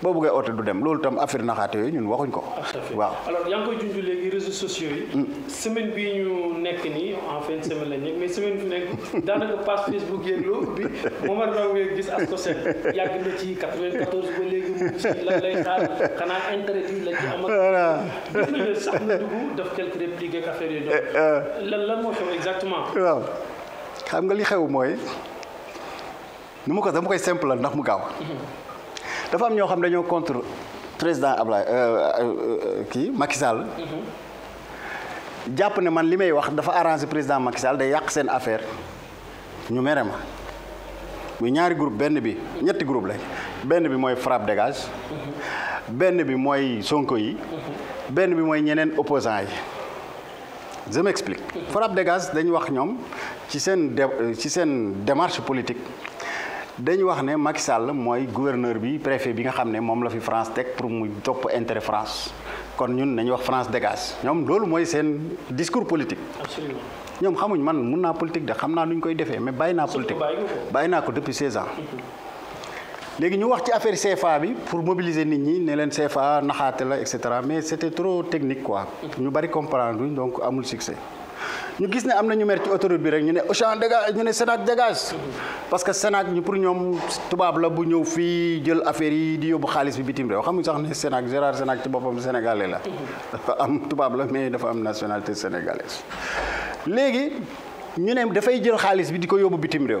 boo bëggee oote du dem loolu tam affaire naxaate yooyu ñun waxuñ ko waaw alors yaa ngi koy junj léegi réseaux sociaux yi hmm. semaine bi ñu nekk nii en fin semaine lañ mais semaine bi nekk daanaka page Facebook yeeg loolu bi Momar Ndao ngay la ci am ak dugg def quelques eh, eh. lan lan moo waaw xam nga li xew mooy nu ma ko dama koy simple la ndax mu gaaw. Mhm. dafa am ñoo xam ne dañoo contre président Ablaye euh, euh, kii makisal mhm. jàpp ne man li may wax dafa arrangé président Macky day yàq seen affaire ñu mere ma muy ñaari groupe benn bi ñetti groupe lañ benn bi mooy frappe dégage mhm. benn bi mooy sonko yi ben bi moy ñeneen opposants yi je m'explique FRAPP dégage dañ wax ñom ci sen ci sen démarche politique dañ wax né Macky Sall moy gouverneur bi préfet bi nga xamné mom la fi France teg pour mu top intérêt France kon ñun nañu wax France dégage ñom lolu moy sen discours politique absolument ñom xamuñ man mun naa politique de xamna naa koy défé mais bayina politique bàyyi ko depuis 16 ans léegi ñu wax ci affaire CFA bi pour mobiliser nit ñi né leen CFA naxaté la etc. mais c'était trop technique quoi. ñu bari comprendre donc amul succès. ñu gis né amna ñu mer ci autoroute bi rek ñu né Auchan dégage ñu né Sénat dégage parce que Sénat ñu pour ñom tubab la bu ñëw fi jël affaire yi di yóbbu xaliss bi bitim réew xam nga sax né Sénat Gérard Sénat ci bopam sénégalais la. dafa am tubab la mais dafa am nationalité sénégalaise légui ñu né da fay jël xaliss bi di ko yóbbu bitim réew.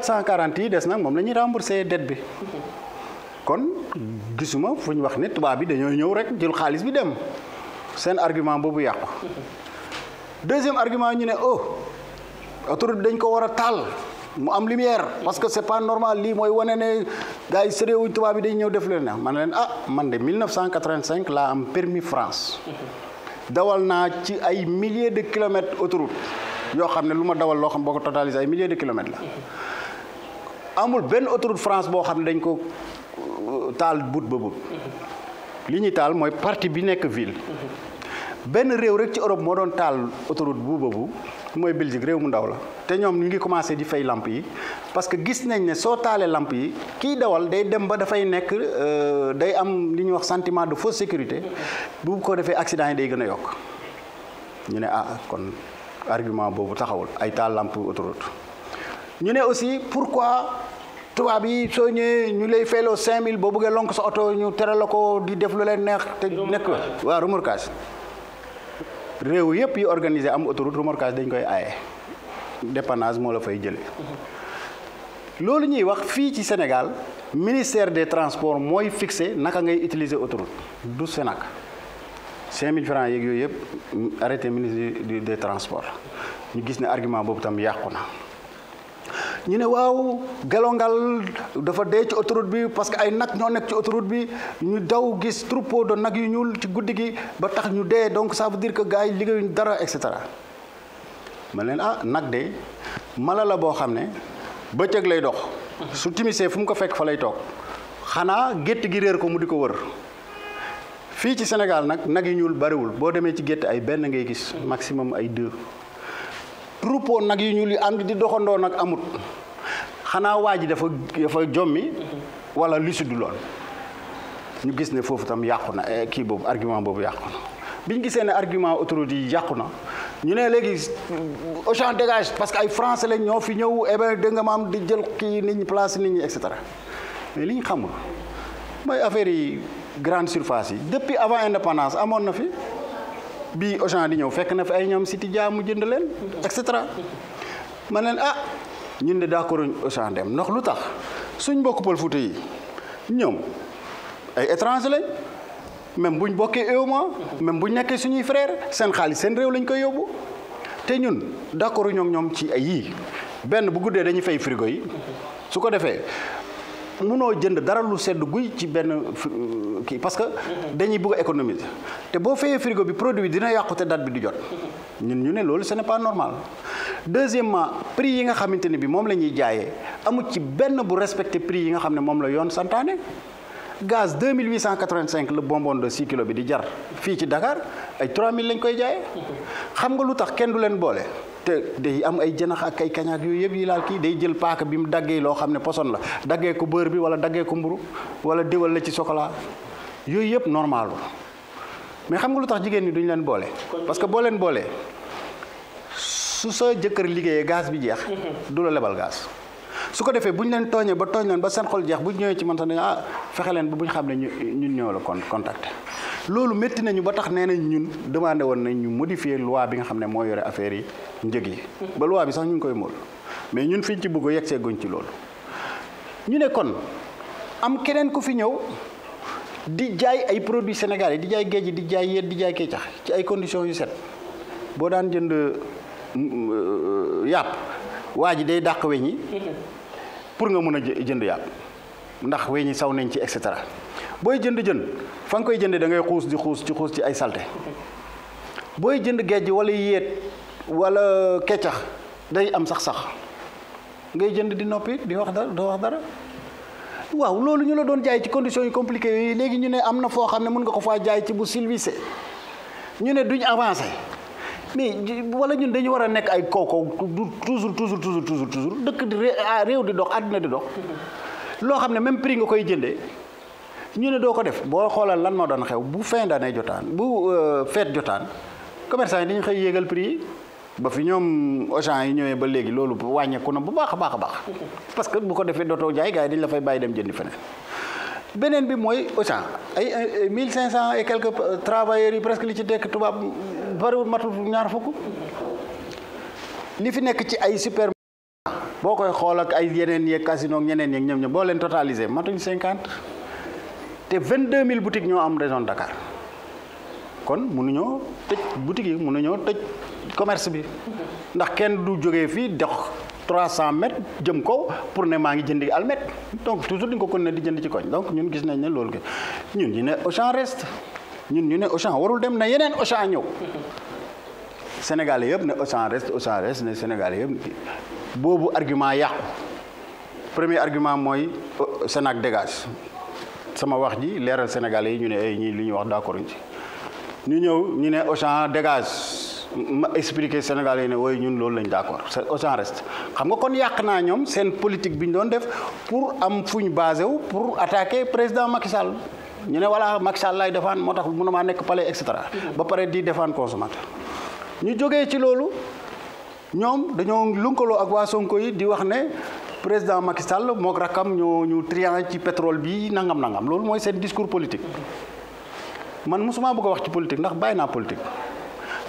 440 dess nak mom lañuy rembourser dette bi kon gisuma fuñ wax ne tuba bi dañoo ñew rek jël xaliss bi dem sen argument bobu yaq deuxième argument ñu ne oh autoroute dañ ko wara tal mu am lumière parce que c'est pas normal li moy woné né gaay séré wuñ tuba bi dañ ñew def leen man leen ah man de 1985 la am permis France dawal na ci ay milliers de kilomètres autoroute yo xamné luma dawal lo xam boko totaliser ay milliers de kilomètres la amul ben autoroute France bo xamne dañ ko euh, tal but bobu li ñi tal moy parti bi nek ville ben rew rek ci Europe mo don tal autoroute bu bobu moy Belgique rew mu ndaw la te ñom ñu ngi commencé di fay lampe yi parce que gis nañ ne so talé lampe yi ki dawal day dem ba dafay nekk euh, day am li ñu wax sentiment de fausse sécurité bu ko defee accident day gëna a ñu ne ah kon argument bobu taxawul ay tal lampu autoroute nous ne aussi pourquoi nous ñu 5000 lonk sa ñu di def lu leen neex. remorquage. organisé am autoroute dépannage la Sénégal ministère des transports mooy fixé naka ngay utiliser autoroute du Sénac 5000 francs yooyu arrêté Ministère des transports ñu gis ne argument tam ñu ne waaw gelongal dafa dee ci autoroute bi parce que ay nag ñoo nekk ci autoroute bi ñu daw gis troupeau de nag yu ñuul ci guddi gi ba tax ñu dee donc ça veut dire que gars yi liggéeyuñ dara et cetera ma leen ah nag de mala la boo xam ne bëccëg lay dox su timisee fu mu ko fekk fa lay toog xanaa gétt gi réer ko mu di ko wër fii ci senegal nag nag yu ñuul bariwul boo demee ci gétt ay benn ngay gis maximum ay deux troupeau nak yu ñu li and di doxando nak amut xana waji dafa dafa jommi wala li si du lool ñu gis ne fofu tam yàqu e eh, ki bobu argument bobu yàqu biñ gisé né argument autorité yi ñu né légui au champ dégage parce que ay français lañ ñoo fi ñew e eh ben de nga maam di jël ki nit ñi place nit ñi et cetera mais liñ ñu xamul mooy affaire yi grande surface yi depuis avant indépendance amoon na fi. bii Auchan di ñëw fekk na fi ay ñoom City Dia mu jënd leen et cetera ma ne ah ñun de d'accord Auchan dem ndox lu tax suñ mbokk Pël Fuuta yi ñoom ay étranger lañ même buñ bokkee EOMA même buñ nekkee suñuy frère seen xaalis seen réew lañ koy yóbbu te ñun d'accord ñoom ñoom ci ay yii benn bu guddee dañuy fay frigo yi su ko defee munoo jënd dara lu sedd guy ci benn euh, kii parce que dañuy bëgg a économiser te boo fayee frigo bi produit dina yàqu te dal bi du jot ñun ñu ne loolu ce n'est pas normal deuxièmement prix yi nga xamante ne bi moom la ñuy jaayee amul ci benn bu respecté prix yi nga xam ne moom la yoon santaane gaz 2885 le bonbon de 6 kilo bi di jar fi ci Dakar ay 3000 lañ koy jaay xam nga lutax kenn du len bolé té day am ay jënax ak ay kañak yoy yeb yi laal ki day jël paaka bi mu daggé lo xamné poson la daggé ko beur bi wala daggé ko mburu wala diwal la ci chocolat yoy yeb normal mais xam nga lutax jigen ni duñ len bolé parce que bo len bolé su sa jëkër liggéeyee gaz bi jeex du la lebal gaz su ko defee bu ñu leen tooñee ba tooñ leen ba seen xol jeex bu ñu ñëwee ci man sax ah fexe leen ba bu ñu xam ne ñu ñun ñoo la kon contacté loolu métti nañu ba tax nee nañ ñun demandé woon nañ ñu modifier loi bi nga xam ne moo yore affaire yi njëg yi. ba loi bi sax ñu ngi koy mool mais ñun fi ci bëgg a ci loolu ñu ne kon am keneen ku fi ñëw. di jaay ay produits sénégalais di jaay géej di jaay yéet di jaay kecax ci ay conditions yu set boo daan jënd mm, euh, yàpp waa ji day dàq weñ yi pour nga mën a jënd yàpp ndax we ñi saw nañ ci et cetera booy jënd jën fa nga koy jëndee da ngay xuus di xuus ci xuus ci ay salte booy jënd gejj wala yéet walla keccax day am sax-sax ngay jënd di noppi di wax dara doo wax dara waaw loolu ñu la doon jaay ci conditions yu compliquées yooyu léegi ñu ne am na foo xam ne mën nga ko faa jaay ci bu silvisé ñu ne duñ avancé mais wala ñun dañu war a nekk ay kooku toujours toujours toujours toujours toujours dëkk di ah, réew di dox àddina di dox. loo xam ne même prix nga koy jëndee ñu ne doo ko def boo xoolal lan moo doon xew bu fin d'année jotaan bu euh, fête jotaan commerçant yi dañu xëy yéegal prix yi. ba fi ñoom Auchan yi ñëwee ba léegi loolu wàññeeku na bu baax baax a baax parce que bu ko defee dootoo jaay gars yi dañ la fay bàyyi dem jëndi feneen beneen bi mooy Auchan ay mille cinq cent euh, li ci dekk rek bariwul matul ñaar fukk li fi nek ci ay super bokoy xol ak ay yenen ye casino ak ñeneen yeeg ñoom ñoom bo leen totaliser matuñ 50 te 22000 boutique mille ñoo am région Dakar kon mënuñoo tej boutique yi mënuñoo tej commerce bi ndax kenn du jógee fi dox 300 mètres jëm ko pour né ma ngi jënd almet donc toujours di nga ko kon di jënd ci koñ donc ñun gis nañ né loolu ñun ñun né au champ reste ñun ñu ne Auchan warul dem na yeneen Auchan ñëw Sénégal yëpp ne Auchan reste Auchan reste ne Sénégal yëpp boobu argument yàqu premier argument mooy euh, Sénac dégage sama wax ji leeral Sénégal yi ñu ne ay eh, ñii lu ñuy wax d'accord ñu ci ñu ñëw ñu ne Auchan dégage ma expliqué Sénégal yi ne wooyu ñun loolu lañ d'accord Auchan reste xam nga kon yàq na ñoom seen politique bi ñu doon def pour am fu ñu basé wu pour attaquer président Macky Sall ñu ne wala Macky Sall lay defaan moo tax mënumaa palais et cetera ba paré di defaan consommateur ñu joggé ci lolu ñom dañu lunkolo ak wa Sonko yi di wax né président Macky Sall mook rakam ñu ñu triant ci pétrole bi nangam nangam lolu moy sen discours politique man musuma bëgg wax ci politique ndax bàyyi politique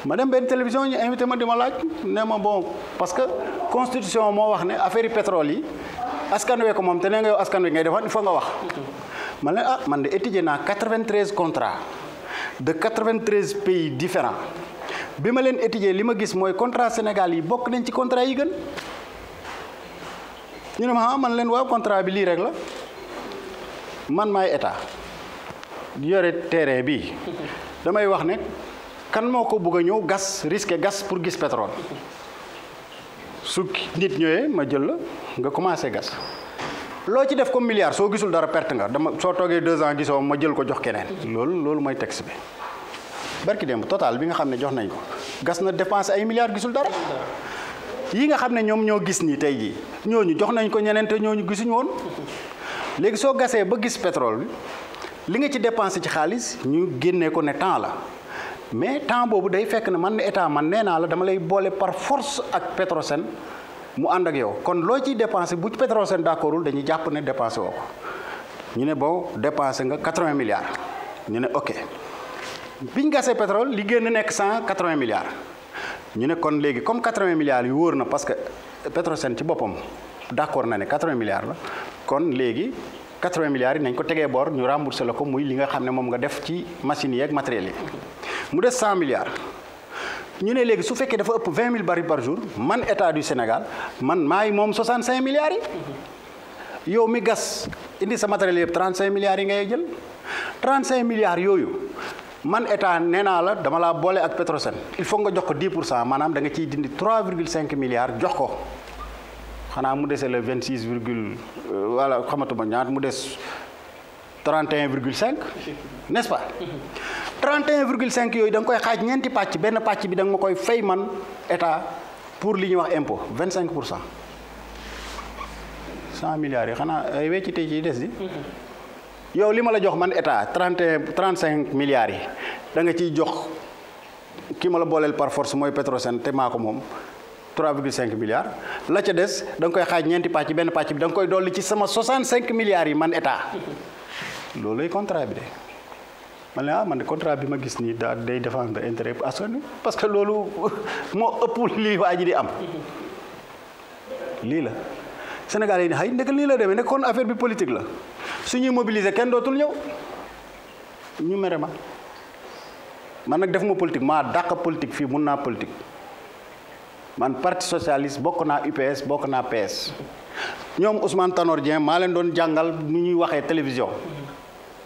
ma dem ben télévision ñu invité ma di ma laaj né ma bon parce que constitution mo wax né affaire pétrole yi askan wé ko mom té nga askan wé ngay defan il nga wax ma leen ah man de étudier naa 93 contrats de 93 pays différent bi ma leen étudier li ma gis mooy contrat Sénégal yi bokk nañ ci contrat yi gën ñu ne ma ah man leen waaw contrat bi lii rek la man maay état yore terrain bi damay wax ne kan moo ko bugg a ñëw gas risque gas pour gis pétrole su nit ñëwee ma jël la nga commencé gas. loo ci def ko milliard soo gisul dara perte nga dama soo toogee deux ans gisoo ma jël ko jox keneen. loolu loolu mooy texte bi barki dem total bi nga xam ne jox nañ ko gas na dépensé ay milliards gisul dara. yi nga xam ne ñoom ñoo gis nii tey jii ñooñu jox nañ ko ñeneen te ñooñu gisuñu woon léegi soo gasee ba gis petrole bi li nga ci dépensé ci xaalis ñu génnee ko ne temps la mais temps boobu day fekk ne man état man nee naa la dama lay boole par force ak Petrosen. mu and ak yow kon lo ci dépenser bu pétrole sen d'accordul dañuy japp ne dépenser woko ñu né bon dépenser nga 80 milliards ñu né ok biñ gassé pétrole li gën nekk 180 milliards ñu né kon légui comme 80 milliards yu wóor na parce que Petrosen ci boppam d'accord na né 80 milliards la kon légui 80 milliards nañ ko tegee bor ñu rembourser lako muy li nga xamné mom nga def ci machine yi ak matériel yi mu des 100 milliards ñu ne léegi su fekkee dafa ëpp vingt mille barils par jour man état du Sénégal man maay mom 65 milliards yo mi gas indi sa matériel yëpp 35 milliards ngay jël 35 milliards yoyu man état néna la dama la bolé ak Petrosen il faut nga jox ko 10 manam da nga ciy dindi 3,5 milliards jox ko xana mu déssé le 26 virgule euh, voilà xamatuma ñaat mu déss 31,5 n'est-ce pas 31,5 yoy dang koy xaj ñenti patch ben patch bi dang ma koy fay man état pour li ñu wax impôt 25 100 milliards yi xana ay wecci tey ci des di yow lima la jox man état 31 35 milliards yi da nga ci jox ki ma la bolel par force moy Petrosen té mako mom 3,5 milliards la ca des dang koy xaj ñenti patch ben patch bi dang koy dolli ci sama 65 milliards yi man état loolay contrat bi de man ah man de contrat bi ma gis nii daa day défendre intérêt askan parce que loolu moo ëpp lii waa di am lii la Sénégal yi ne xëy ndek lii la demee ne kon affaire bi politique la su mobiliser kenn dootul ñëw ñu mere ma man nag Ma, politique maa dàq politique fii mun naa politique man parti socialiste bokk naa UPS bokk naa PS ñoom Ousmane Tanor Dieng maa leen doon jàngal nu ñuy waxee télévision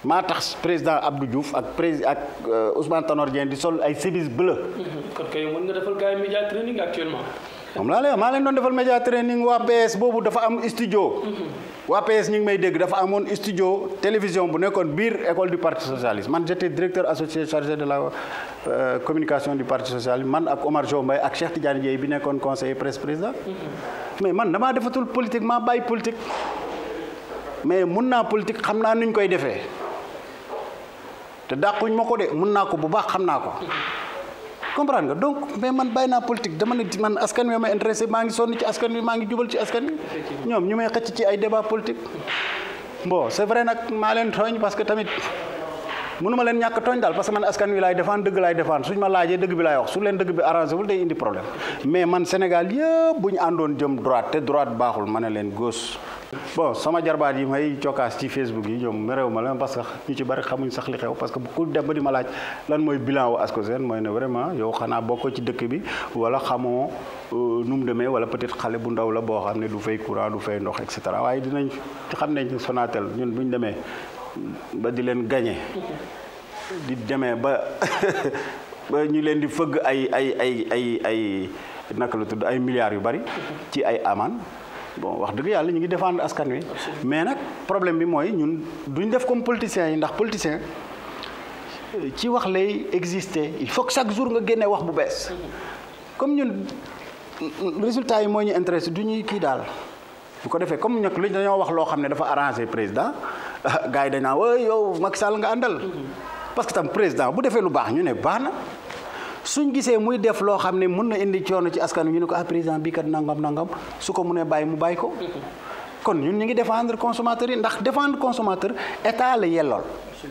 ma tax président Abdou Diouf ak prés ak euh, Ousmane Tanor dien di sol ay simis bleu. kon kay mën nga defal gars media training actuellement. moom la le ma len don defal media training wa PS bobu dafa am studio. Mhm. wa PS ñing may deg dafa amone studio télévision bu nekkoon bir école du parti socialiste man j'étais directeur associé chargé de la euh, communication du parti socialiste man ak Omar Jo may ak Cheikh Tidiane Dieye bi nekkoon conseiller presse président. Mhm. mais man dama defatul politique ma bay politique. mais mun politique xam nuñ koy defee. te dàquñ ma ko de mun naa ko bu baax xam naa ko comprendre nga donc mais man bàyyi naa politique dama ne man askan wi ma intéressé maa ngi sonn ci askan wi maa ngi jubal ci askan wi ñoom ñu may xëcc ci ay débat politique bon c'est vrai nag maa leen tooñ parce que tamit munuma len ñak tooñ dal parce que man askan wi lay défendre deug lay défendre suñ ma laaje deug bi lay wax su len deug bi arranger wul day indi problème mais man Sénégal yeb buñ andone jëm droite te droite baxul mané len bon sama jarbaat yi may ciokas ci Facebook yi ñom merew ma leen parce que ñu ci bari xamuñ sax li xew parce que ku dem ba di ma laaj lan moy bilan wu ASCOSEN moy né vraiment yow xana bokkoo ci dëkk bi wala xamo euh, num mu wala peut-être xalé bu ndaw la bo xamné du fay courant du fay ndox et cetera waye dinañ xamné Sonatel ñun buñ démé ba di len gagné di démé ba ba ñu len di fëgg ay ay ay ay ay nak la tudd ay milliards yu bari ci ay amaan bon wax deug yalla ñu ngi défendre askan wi mais nak problème bi moy ñun duñ def comme politiciens yi ndax politiciens ci wax lay exister il faut que chaque jour nga génne wax bu bess comme ñun résultat yi moy ñu intéressé du ki dal bu ko defee comme ñok li dañoo wax lo xamné dafa arranger président Eh, gaay dañ na waaye eh, yow Macky Sall nga andal parce que tam président bu defee lu bax ñu né baana suñu gisé muy def lo xamné ne indi ci askan minu ñu ne ko ah président bi kat nangam nangam su ko mënee mu bay ko. Mm-hmm kon ñun ñu ngi défendre consommateur yi ndax défendre consommateur état la yellol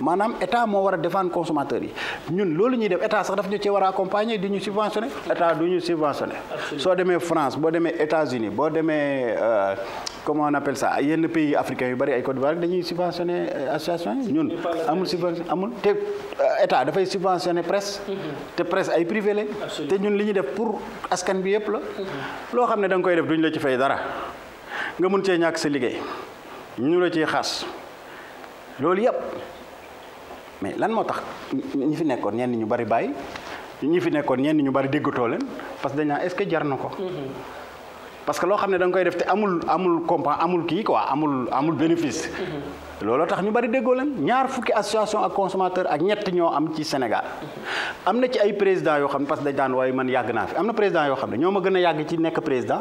manam état mo wara défendre consommateur yi ñun lolu ñuy def état sax daf ñu ci wara accompagner di ñu subventionner état du ñu subventionner so démé France bo démé États-Unis bo démé euh, comment on appelle ça yenn pays africains yu bari ay Côte d'Ivoire dañuy subventionner euh, association ñun amul subvention amul té euh, état da fay subventionner presse mm-hmm. té presse ay privé la té ñun li ñu def pour askan bi yépp la mm-hmm. lo xamné dang koy def duñ la ci fay dara nga mun cee ñàkk sa liggéey ñu la ci xaas loolu yëpp mais lan moo tax ñi fi nekkoon ñenn ñu bari bàyyi ñi fi nekkoon ñenn ñu bari déggatoo leen parce que dañ naan ce que jar na ko. Mm-hmm. parce que loo xam ne da koy def te amul amul compas amul kii quoi amul amul bénéfice. Mm-hmm. looloo tax ñu bari déggoo leen ñaar fukki association ak consommateur ak ñett ñoo am ci Sénégal. Mm-hmm. am na ci ay président yoo xam ne parce dañ daan waaye man yàgg naa fi am na président yoo xam ne ñoo ma gën a yàgg ci nekk président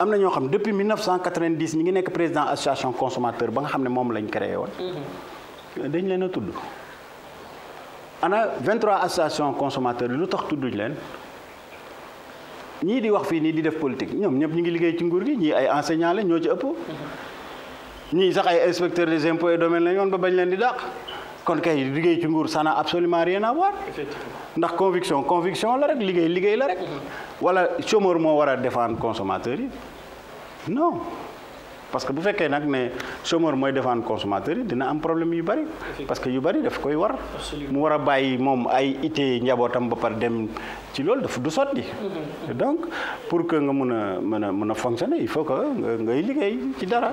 am na ñoo xam depuis 1990 ñi ngi nekk président association consommateur ba nga xam ne moom lañ créé woon. Mm-hmm. dañ leen a tudd. ana 23 association consommateur lu tax tudduñ leen ñii di wax fii nii di def politique ñoom ñëpp ñu ngi liggéey ci nguur gi ñii ay enseignants la ñoo ci ëpp. Mm-hmm. ñii sax ay inspecteurs des impôts et domaine la ñoon ba bañ leen di dàq. kon kay liggéey ci nguur ça absolument rien à voir ndax conviction conviction la rek liggéey liggéey la rek mm-hmm. wala chômeur moo war a défendre consommateur yi non parce que bu fekkee nak ne chômeur mooy défendre consommateur yi dina am problème yu bari parce que yu bari daf koy war mu war a bàyyi moom ay itee njabootam ba pare dem ci loolu daf du sotti mm-hmm. donc pour que nga mën a mën a mën a fonctionner il faut que ngay liggéey ci dara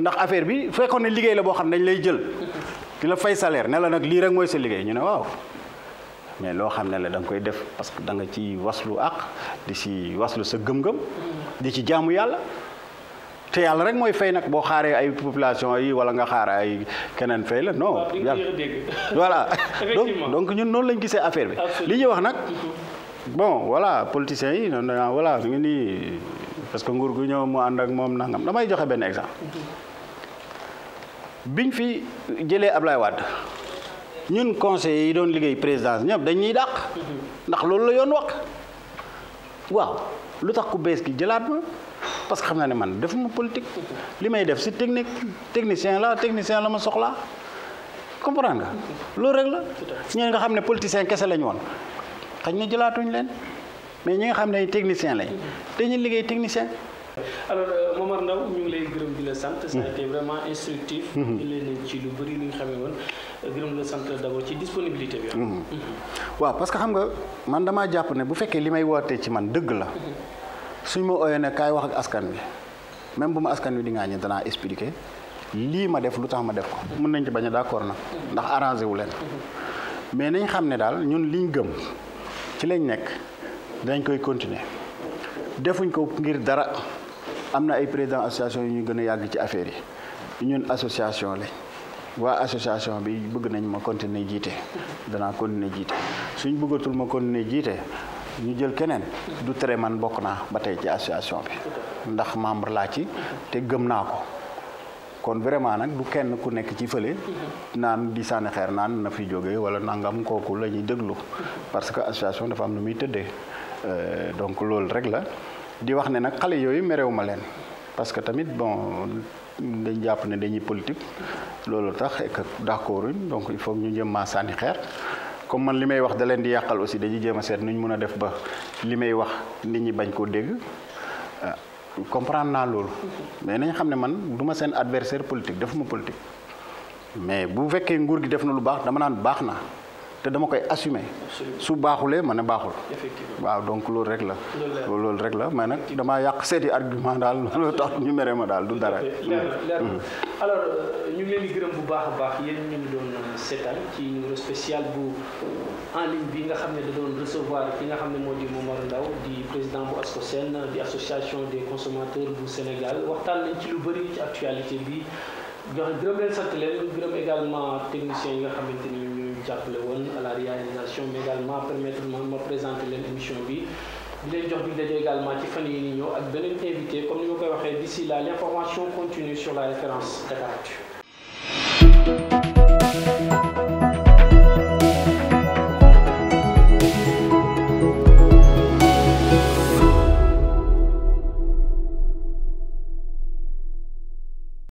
ndax affaire bi fekkoon ne liggéey la boo xam ne dañ lay jël mm-hmm. di la fay salaire ne la nag lii rek mooy sa liggéey ñu ne waaw mais loo xam ne la da nga koy def parce que da nga ci waslu ak di si waslu sa gëm-gëm mm-hmm. di ci jaamu yàlla té yalla rek moy fay nak bo xaré ay population yi wala nga xaar ay kenen fay la non. voilà donc donc ñun non lañu gissé affaire bi. li ñu wax nak bon voilà politiciens yi non non voilà ngi ni parce que nguur gu ñow mo and ak mom nangam damay joxe ben exemple. biñ fi jëlé ablay wad ñun conseil yi doon liggéey présidence ñop dañ ñuy dàq. ndax loolu la yoon wax waaw lutax ku bes gi jëlat ma parce que xam naa ne man defuma politique li may def si technique technicien la technicien la ma soxla comprendre nga loolu rek la ñeen nga xam ne politicien kese lañu woon xañ na jëlaatuñ leen mais ñi nga xam ne technicien lañ dañuy liggéey technicien alors euh, Momar ndaw ñu ngi lay gërëm di la sant ça a hmm. été vraiment instructif ñu lay ne ci lu bëri li nga xamee woon gërëm la sant d'abord ci disponibilité bi hmm. Hmm. waaw parce que xam nga man dama japp ne bu fekkee li may ci man dëgg la suñ ma ooyee ne kaay wax ak askan wi même bu ma askan wi di ngaa ñi danaa expliquer lii ma def lu tax ma def ko mun nañ ci bañ a d'accord nag ndax arrangé wu leen mais nañ xam ne daal ñun liñ gëm ci lañ nekk dañ koy continuer defuñ ko ngir dara am na ay président association yu ñu gën a yàgg ci affaire yi ñun association lañ waa association bi bëgg nañ ma continuer jiite danaa continuer jiite suñ bëggatul ma continuer jiite ñu jël keneen du tere man bokk naa ba tey ci association bi ndax membre laa ci te gëm naa ko kon vraiment nag du kenn ku nekk ci fële naan di sànni xeer naan na fi jóge wala nangam kooku la ñuy déglu parce que association dafa am nu muy tëddee euh, donc loolu rek la di wax ne nag xale yooyu merew ma leen parce que tamit bon dañ jàpp ne dañuy politique loolu tax et que donc il faut ñu jëm maa sànni xeer comme man li may wax da leen di yàqal aussi dañuy jéem a seet nu ñu mën a def ba li may wax nit ñi bañ koo dégg euh, comprendre naa loolu. mais nañ xam ne man du ma seen adversaire politique defuma politique mais bu fekkee nguur gi def na lu baax dama naan baax na. te dama koy assumer su baaxulee ma ne baaxul waaw donc loolu rek la loolu rek la mais nag damaa yàq seeti argument daal loolu tax ñu mere ma daal du dara mm. alors euh, ñu ngi leen di gërëm bu baax a baax yéen ñu ngi doon euh, seetaan ci numéro spécial bu euh, en ligne bi nga xam ne da doon recevoir ki nga xam ne moo di Momar Ndao di président bu ASCOSEN di association des consommateurs bu Sénégal waxtaan nañ ci lu bëri ci actualité bi joxe gërëm leen sant leen gërëm à la réalisation mais également permettre de me présenter l'émission Je bi di également ci fan et ni invité comme nous vous koy d'ici là l'information continue sur la référence